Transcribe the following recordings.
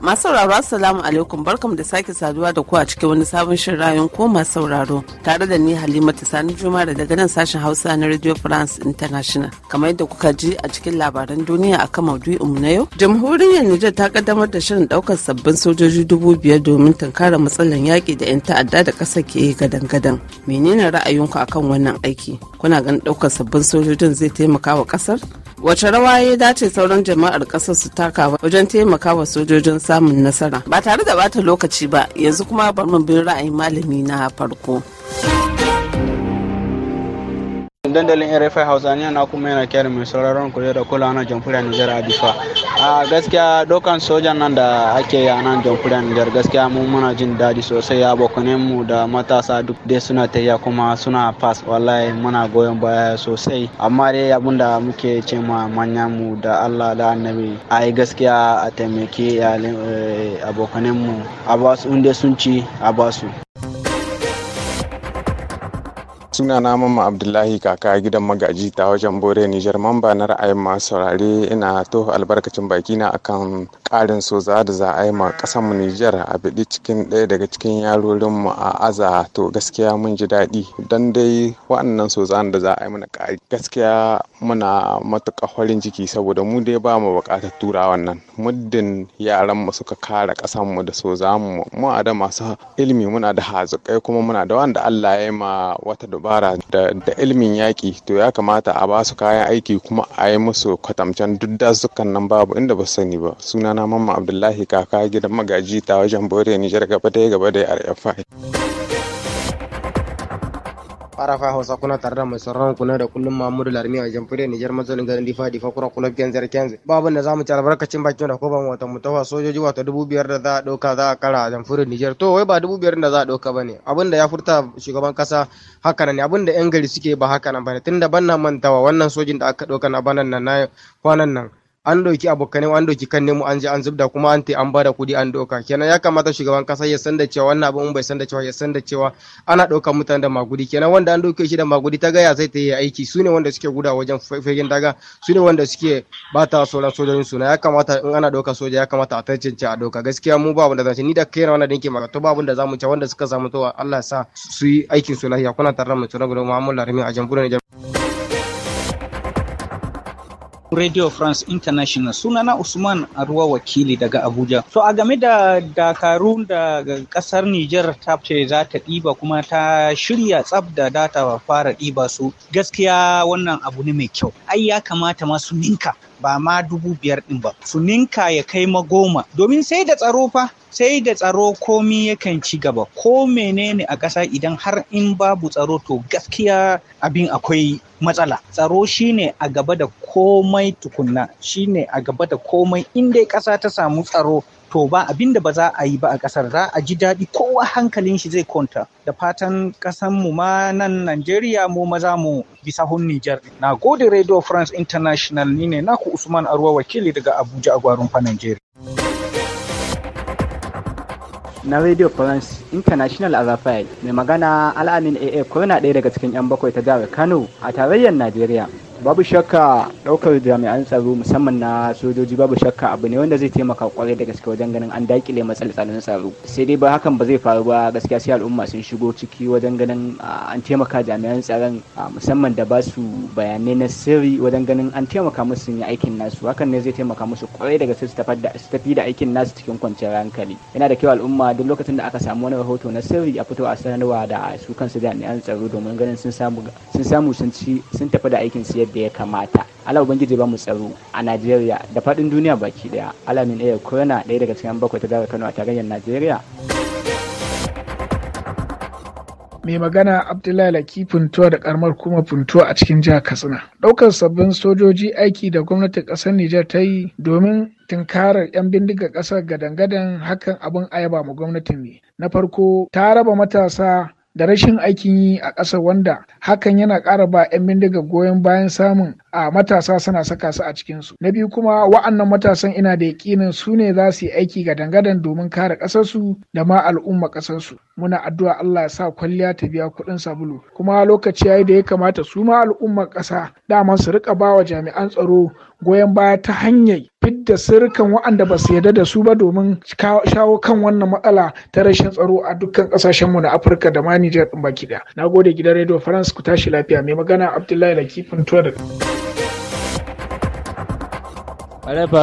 masu sauraro assalamu alaikum barkamu da sake saduwa da ku a cikin wani sabon shirin rayon ko masu sauraro tare da ni halimatu sani juma da daga nan sashen hausa na radio france international kamar yadda kuka ji a cikin labaran duniya akan maudu'in mu na yau jamhuriyar nijar ta kaddamar da shirin daukar sabbin sojoji dubu biyar domin tunkara matsalar yaƙi da 'yan ta'adda da ƙasa ke yi gadan-gadan menene ra'ayinku akan wannan aiki kuna ganin daukar sabbin sojojin zai taimaka wa ƙasar wace rawa ya dace sauran jama'ar kasar su taka wajen taimaka wa sojojin samun nasara ba tare da bata lokaci ba yanzu kuma bar mu bin ra'ayin malami na farko dandalin rfi hausa ne na kuma yana kyara mai sauraron kula da kula na jamhuriyar nijar abifa a gaskiya dokan sojan nan da ake yi a nan jamhuriyar nijar gaskiya mu muna jin daɗi sosai abokanen mu da matasa duk dai suna tayya kuma suna fas wallahi muna goyon baya sosai amma dai abin da muke ce ma manyan mu da allah da annabi a yi gaskiya a taimaki eh, abokanen mu a basu inda sun ci a basu suna na mamma abdullahi kaka gidan magaji ta wajen bore nijar mamba na ra'ayin masu saurare ina to albarkacin baki na akan karin soza da za a yi ma kasan mu nijar a biɗi cikin ɗaya daga cikin yarorin mu a aza to gaskiya mun ji daɗi dan dai wa'annan soza da za a yi mana ƙari gaskiya muna matuƙa farin ciki saboda mu dai ba mu buƙatar turawan nan muddin yaran mu suka kare kasan mu da soza mu mu da masu ilimi muna da hazukai kuma muna da wanda Allah ya yi ma wata dabara da, da ilimin yaƙi to ya kamata a ba su kayan aiki kuma a yi musu kwatamcen duk dazukan nan babu inda ba sani ba sunana mamma abdullahi kaka gidan magaji ta wajen bore nijar gaba da gaba da rfi Arafa Hausa kuna tare da mai sauran kuna da kullum Mahmudu Larmi a fure Nijar mazaunin garin Difa Difa kura kulab Genzar Kenze. Babu da zamu ci albarkacin bakin da koban wata mutawa sojoji wata dubu biyar da za a ɗauka za a kara a jamhuriyar Nijar. To wai ba dubu biyar da za a ɗauka ne? abin da ya furta shugaban kasa haka ne abin da 'yan gari suke ba haka nan tun tunda ban na mantawa wannan sojin da aka ɗauka na banan nan na kwanan nan. an ɗauki abokanai an ɗauki kan nemo an je an zubda kuma an te an bada kuɗi an ɗauka kenan ya kamata shugaban kasa ya san da cewa wannan abin bai san da cewa ya san da cewa ana ɗauka mutane da magudi kenan wanda an ɗauke shi da magudi ta gaya zai ta yi aiki su ne wanda suke guda wajen fagen daga su ne wanda suke bata sauran sojojin suna ya kamata in ana ɗauka soja ya kamata a tantance a ɗauka gaskiya mu ba da zance ni da kai wanda dinke maka to ba abin da zamu ci wanda suka samu to Allah ya sa su yi aikin su lafiya kuna tare da mutum Muhammad Larimi a jamhuriyar Nijar. Radio France International sunana Usman Arwa wakili daga Abuja. So a game da Dakaru da kasar Nijar ta ce za ta ɗiba kuma ta shirya tsab da data fara ɗiba su gaskiya wannan abu ne mai kyau. Ai ya kamata masu ninka ba ma dubu biyar ɗin ba su ninka ya kai ma goma domin sai da tsaro fa sai da tsaro komi yakan ci gaba ko menene a ƙasa idan har in babu tsaro to gaskiya abin akwai matsala tsaro shine a gaba da komai tukunna shine a gaba da komai inda ƙasa ta samu tsaro to ba abin da ba za a yi ba a ƙasar za a ji daɗi kowa hankalin shi zai kwanta da fatan mu ma nan Najeriya mu maza mu bisa hun Nijar. Na gode Radio France International ni ne naku Usman Arwa wakili daga Abuja a fa Najeriya. na Radio France International a rafael mai magana Al'amin AA ko ɗaya daga cikin 'yan bakwai ta jihar Kano a tarayyar Najeriya. babu shakka ɗaukar jami'an tsaro musamman na sojoji babu shakka abu ne wanda zai taimaka kwarai da gaske wajen ganin an dakile matsalolin tsaro sai dai ba hakan ba zai faru ba gaskiya sai al'umma sun shigo ciki wajen ganin an taimaka jami'an tsaron musamman da ba su bayanai na sirri wajen ganin an taimaka musu yin aikin nasu hakan ne zai taimaka musu kwarai da gaske su tafi da aikin nasu cikin kwanciyar hankali yana da kyau al'umma duk lokacin da aka samu wani rahoto na sirri a fito a sanarwa da su kansu jami'an tsaro domin ganin sun samu sun ci sun tafi da aikin su yadda ya kamata Allah ubangiji ba mu tsaro a Najeriya da faɗin duniya baki daya alamin iya corona ɗaya daga cikin bakwai ta daga Kano a tarayyar Najeriya mai magana abdullahi laki funtuwa da karamar kuma funtuwa a cikin jihar katsina ɗaukar sabbin sojoji aiki da gwamnatin ƙasar nijar ta yi domin tunkarar 'yan bindiga ƙasar gadan-gadan hakan abin ayaba ma gwamnatin ne na farko ta raba matasa da rashin aikin yi a ƙasa wanda hakan yana ƙara ba 'yan bindiga goyon bayan samun a matasa suna saka su a cikinsu. Na biyu kuma wa'annan matasan ina da yaƙinin su ne za su yi aiki ga dangadan domin kare ƙasarsu da ma al'umma ƙasarsu. Muna addu'a Allah ya sa kwalliya ta biya kuɗin sabulu. Kuma lokaci yayi da ya kamata su ma al'ummar ƙasa dama su riƙa ba wa jami'an tsaro goyon baya ta hanyar fidda sirrikan waɗanda ba su yarda da su ba domin shawo kan wannan matsala ta rashin tsaro a dukkan kasashenmu na afirka da ma nijar ɗin baki ɗaya na gode gidan radio france ku tashi lafiya mai magana abdullahi lakifin tuwa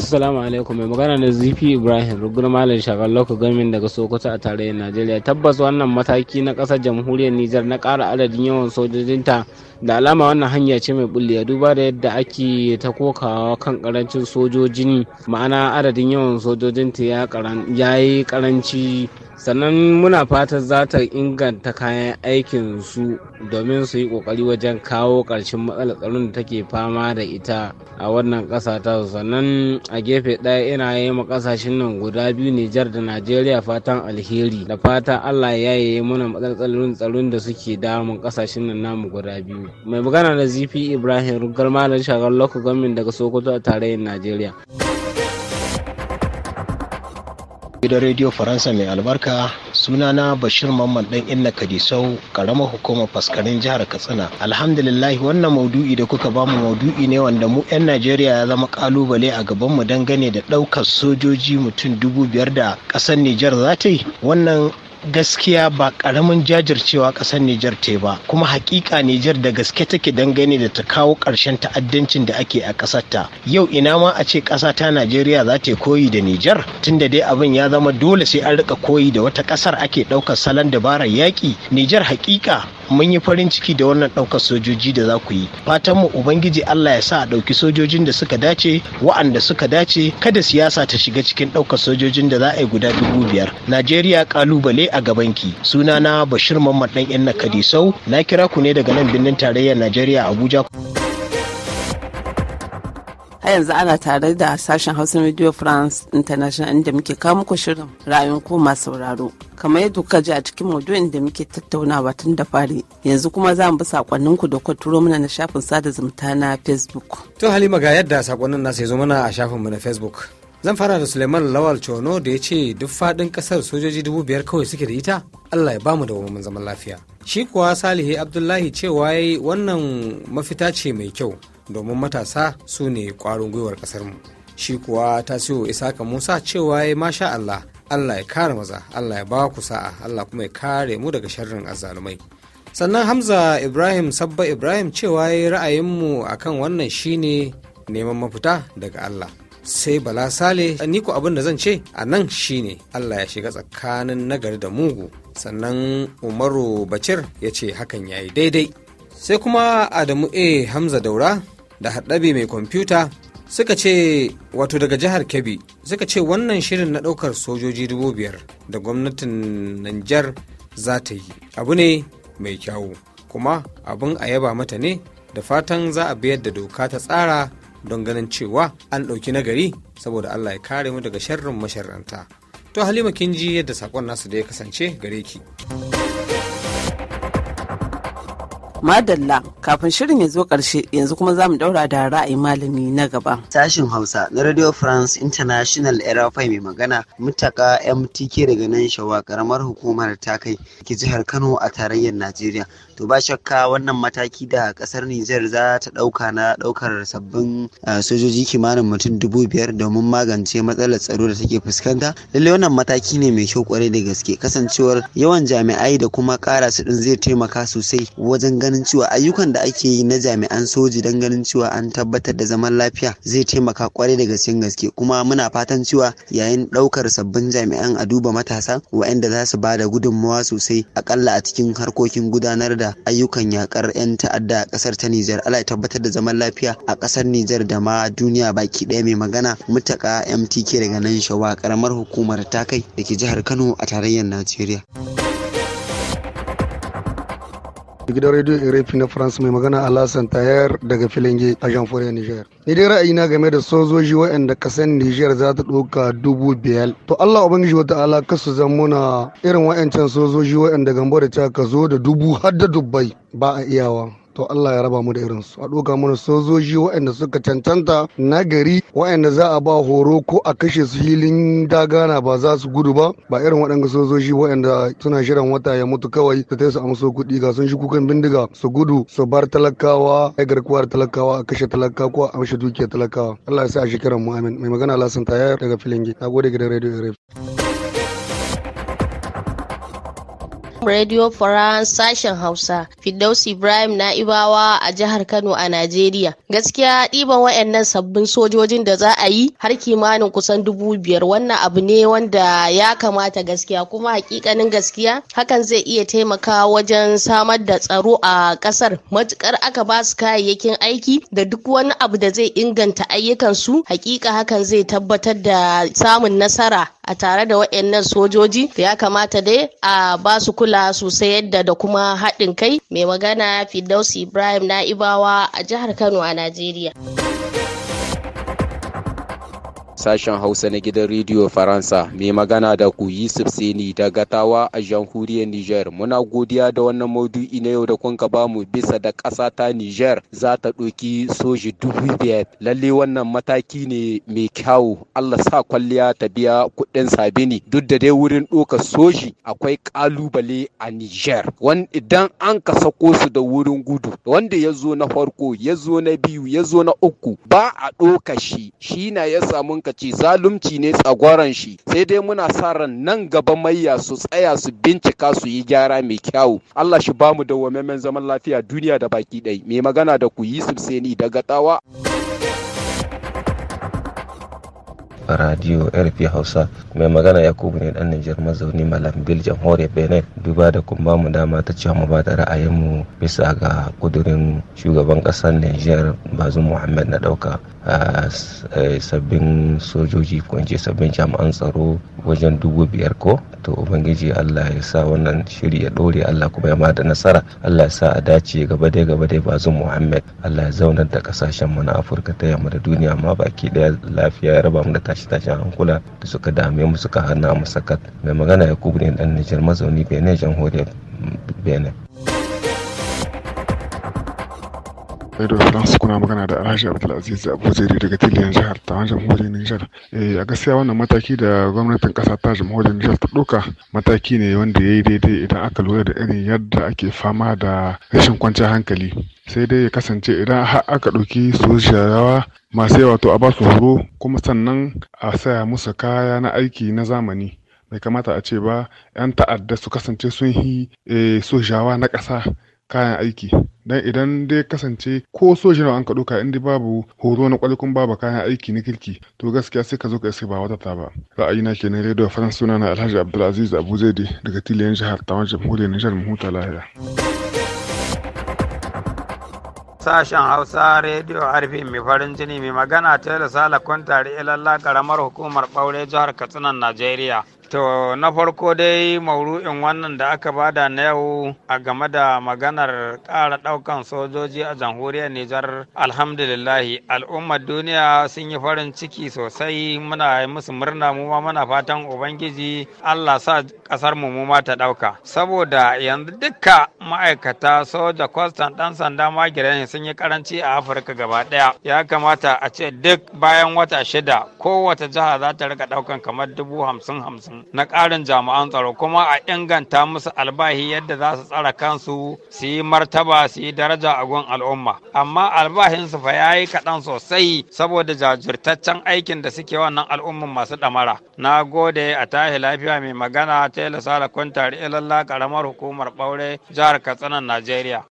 su salamu alaikum mai magana da zp Ibrahim rugun malam shagar gamin daga Sokoto a tarayyar Najeriya tabbas wannan mataki na ƙasar jamhuriyar Nijar na ƙara adadin yawan sojojinta da alama wannan hanya ce mai ya duba da yadda ake ta kokawa kan karancin sojojin ma'ana adadin yawan sojojin ta ya yi karanci sannan muna fatan za ta inganta kayan aikin su domin su yi kokari wajen kawo karshen matsalar tsaron da take fama da ita a wannan kasa ta sannan a gefe ɗaya ina yi ma ƙasashen nan guda biyu Nijar da Najeriya fatan alheri da fatan Allah ya yi mana matsalar tsaron da suke damun ƙasashen nan namu guda biyu. mai magana da zifi ibrahim rugar malam shagar local government daga sokoto a tarayyar najeriya gidan rediyo faransa mai albarka suna na bashir mamman dan inna kadisau karamar hukumar faskarin jihar katsina alhamdulillah wannan maudu'i da kuka bamu maudu'i ne wanda mu 'yan najeriya ya zama kalubale a gaban mu dangane da daukar sojoji mutum dubu biyar da kasar nijar za ta yi wannan gaskiya ba karamin jajircewa kasar Nijar ce ba kuma hakika Nijar da gaske take dangane da ta kawo karshen ta'addancin da ake a kasar ta yau ina ma a ce kasa ta Najeriya za ta koyi da Nijar tunda dai abin ya zama dole sai an rika koyi da wata kasar ake daukar salon dabarar yaki Nijar hakika mun yi farin ciki da wannan ɗaukar sojoji da za ku yi fatan mu ubangiji allah ya sa a ɗauki sojojin da suka dace wa'anda suka dace kada siyasa ta shiga cikin ɗaukar sojojin da za a yi guda dubu biyar najeriya kalubale a gabanki sunana bashir mamman ɗan yan Kadisau. na kira ku ne daga nan birnin tarayyar najeriya abuja a yanzu ana tare da sashen Hausa Radio France International inda muke kawo muku shirin rayuwar ku masu sauraro. Kamar yadda kuka ji a cikin maudu'in da muke tattaunawa tun da fari. Yanzu kuma za mu bi sakonnin ku da kuka turo mana na shafin sada zumunta na Facebook. To Halima ga yadda sakonnin nasu ya zo mana a shafin mu na Facebook. Zan fara da Suleiman Lawal Chono da ya ce duk faɗin ƙasar sojoji dubu biyar kawai suke da ita Allah ya ba mu da womin zaman lafiya. Shi kuwa Salihu Abdullahi cewa yayi wannan mafita ce mai kyau domin matasa su ne kwarin gwiwar ƙasarmu. shi kuwa ta siyo isaka musa cewa ya masha allah allah ya kare maza allah ya ba ku sa'a allah kuma ya kare mu daga sharrin azzalumai sannan hamza ibrahim sabba ibrahim cewa ya mu akan wannan shine neman mafita daga allah sai bala sale ni ku abin da zan ce a nan shine allah ya shiga tsakanin nagari da mugu sannan umaru bacir ya ce hakan ya yi daidai sai kuma adamu a hamza daura da haɗabe mai kwamfuta suka ce wato daga jihar kebbi suka ce wannan shirin na ɗaukar sojoji dubu biyar da gwamnatin Nijar za ta yi abu ne mai kyawu kuma abin a yaba mata ne da fatan za a biyar da doka ta tsara don ganin cewa an ɗauki nagari saboda allah ya kare mu daga sharrin masharanta to halima kin ji yadda saƙon nasu da ya kasance gare ki. madalla kafin shirin ya zo karshe yanzu kuma za mu daura da ra'ayin malami na gaba sashin hausa na radio france international rfi mai magana mutaka mtk daga nan shawa karamar hukumar ta kai ki jihar kano a tarayyar najeriya to ba shakka wannan mataki da kasar Nijar za ta dauka na daukar sabbin eh, sojoji kimanin mutum dubu biyar domin magance matsalar tsaro da take fuskanta lalle wannan mataki ne mai kyau kwarai da gaske kasancewar yawan jami'ai da kuma ƙara su ɗin zai taimaka sosai wajen ganin cewa ayyukan da ake yi na jami'an soji dan ganin cewa an tabbatar da zaman lafiya zai taimaka kwarai da gaske gaske kuma muna fatan cewa yayin ɗaukar sabbin jami'an a duba matasa waɗanda za su ba da gudunmawa sosai akalla a cikin harkokin gudanar da ayyukan yakar 'yan ta'adda a kasar ta Nijar. Allah ya tabbatar da zaman lafiya a kasar Nijar da ma duniya baki ɗaya mai magana mutaka MTK daga nan shawa karamar hukumar takai da ke jihar Kano a tarayyar Najeriya. gidan radio irefi na france mai magana alasan tayar daga filinge a fure niger ni dai ra'ayina game da sojoji waɗanda kasan niger za ta ɗauka dubu biyar to allah ubangiji wa ta'ala kasu zan irin waɗancan sojoji waɗanda gambo da ta ka zo da dubu har da dubbai ba a iyawa to Allah ya raba mu da su a ɗoka mana sojoji waɗanda suka cancanta na gari waɗanda za a ba horo ko a kashe su hilin dagana ba za su gudu ba ba irin waɗanda sojoji waɗanda suna shirin wata ya mutu kawai su su amso kuɗi ga sun shi kukan bindiga su gudu su bar talakawa ya garkuwar talakawa a kashe talaka ko a amshe dukiyar talakawa Allah ya sa a kiran mu amin mai magana Alhassan Tayar daga Filingi nagode gidan Radio RFI Radio France sashen Hausa, Fidaus Ibrahim Na'ibawa a jihar Kano a Najeriya. Gaskiya ɗiban wayannan sabbin sojojin da za a yi har kimanin kusan dubu biyar wannan abu ne wanda ya kamata gaskiya kuma hakikanin gaskiya hakan zai iya taimakawa wajen samar da tsaro a ƙasar matukar aka ba su kayayyakin aiki da duk wani abu da zai inganta ayyukansu hakika hakan zai tabbatar da samun nasara a tare da waɗannan sojoji ya kamata dai a ba su kula sosai yadda da kuma haɗin kai mai magana Firdausi Ibrahim Naibawa a jihar Kano a Najeriya. sashen Hausa na gidan Rediyo Faransa. Mai magana da ku Yusuf Seni da Gatawa a jamhuriyar Nijar. Muna godiya da wannan maudu'i na yau da kun ka bamu bisa da ƙasa ta Nijar za ta ɗoki soji dubu biyar. Lalle wannan mataki ne mai kyawu. Allah sa kwalliya ta biya kuɗin sabini. Duk da dai wurin ɗoka soji akwai ƙalubale a Nijar. Idan an ka sako su da wurin gudu, wanda ya zo na farko, ya zo na biyu, ya zo na uku, ba a ɗoka shi, shi na ya samun ka ce zalunci ne tsagoran shi sai dai muna sa ran nan gaba mayya su tsaya su bincika su yi gyara mai kyawu Allah shi bamu da zaman lafiya duniya da baki ɗai mai magana da ku Yusuf Seni daga Tawa. radio rp hausa mai magana yakubu ne dan nijar mazauni malambil hore benin duba da kuma bamu dama ta cewa mu ra'ayin ra'ayinmu bisa ga kudurin shugaban kasar nijar bazu muhammad na dauka a sabbin sojoji ko in sabbin jami'an tsaro wajen dubu biyar ko to ubangiji Allah ya sa wannan shiri ya dore Allah kuma ya mada nasara Allah ya sa a dace gaba dai gaba dai bazin Muhammad Allah ya zaunar da kasashen mu na Afirka ta yamma da duniya ma baki daya lafiya ya raba mu da tashi tashin hankula da suka dame mu suka hana mu sakat mai magana ya Yakubu ne dan Nijar mazauni Benin jamhuriyar Benin Radio France kuna magana da Alhaji Abdulaziz Abu Zaidi daga Tiliyan jihar ta jamhuriyar Nijar. Eh a gaskiya wannan mataki da gwamnatin ƙasa ta jamhuriyar Nijar ta ɗauka mataki ne wanda ya yi daidai idan aka lura da irin yadda ake fama da rashin kwanciyar hankali. Sai dai ya kasance idan har aka ɗauki sojiyawa masu yawa to a ba su horo kuma sannan a saya musu kaya na aiki na zamani. Bai kamata a ce ba 'yan ta'adda su kasance sun yi eh, sojawa na ƙasa kayan aiki dan idan dai kasance ko sojin an ka doka inda babu horo na kwalikun babu kayan aiki na kirki to gaskiya sai ka zo ka iske ba wata ta ba ra'ayina kenan radio faransa suna na alhaji abdulaziz abu zaidi daga tiliyan jihar tawon jamhuriyar nijar mahuta lahiya. sashen hausa rediyo harfi mai farin jini mai magana ta da sala kwanta ilalla karamar hukumar ɓaure jihar katsinan najeriya To na farko dai mauru'in wannan da aka bada na yau a game da maganar ƙara ɗaukan sojoji a jamhuriyar Nijar alhamdulillahi al'ummar duniya sun yi farin ciki sosai muna yi musu murna mu ma muna fatan Ubangiji Allah sa ƙasar mu ma ta ɗauka. Saboda yanzu dukka ma'aikata soja kwastan dan sanda magiran sun yi karanci a afirka gaba daya ya kamata a ce duk bayan wata shida kowace jiha za ta rika ɗaukan kamar dubu hamsin hamsin na ƙarin jami'an tsaro kuma a inganta musu albahi yadda za su tsara kansu su yi martaba su yi daraja a gun al'umma amma su fa yayi yi kaɗan sosai saboda jajirtaccen aikin da suke wannan al'umman masu ɗamara na gode a tahi lafiya mai magana ta yi lasara da kwantari ilalla ƙaramar hukumar ɓaure jihar jihar katsinan najeriya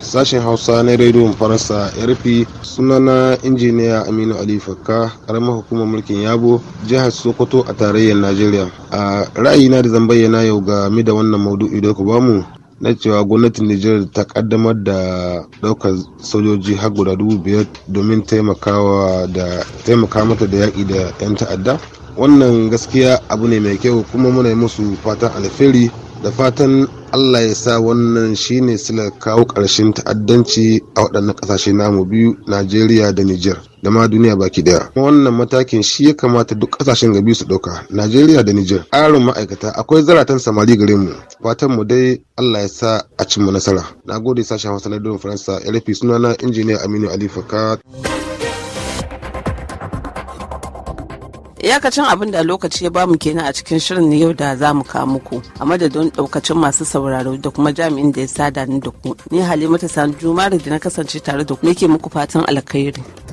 sashen hausa na rediyon faransa rp sunana injiniya aminu ali fakka karamar hukumar mulkin yabo jihar sokoto a tarayyar najeriya a ra'ayina da zan bayyana yau game da wannan maudu'i da ku bamu na cewa gwamnatin Nijar ta kaddamar da daukar sojoji har guda dubu biyar domin taimakawa da taimaka mata da yaƙi da 'yan ta'adda wannan gaskiya abu ne mai kyau kuma muna yi musu fatan Alferi. da fatan allah ya sa wannan shine sila kawo ƙarshen ta'addanci a waɗannan ƙasashe namu biyu najeriya da niger da ma duniya baki daya kuma wannan matakin shi ya kamata duk ƙasashen gabi su ɗauka najeriya da niger ƙarin ma'aikata akwai zaratan samari gare mu fatan mu dai allah ya sa a cimma nasara na gode sashen hausa na faransa rfi sunana injiniya aminu ali fakat iyakacin abin da lokaci ya bamu kenan a cikin shirin yau da za mu ka muku a madadin daukacin masu sauraro da kuma jami'in da ya sada ni da ku ni halimatu sani jumare da na kasance tare da ku nake muku fatan alkhairi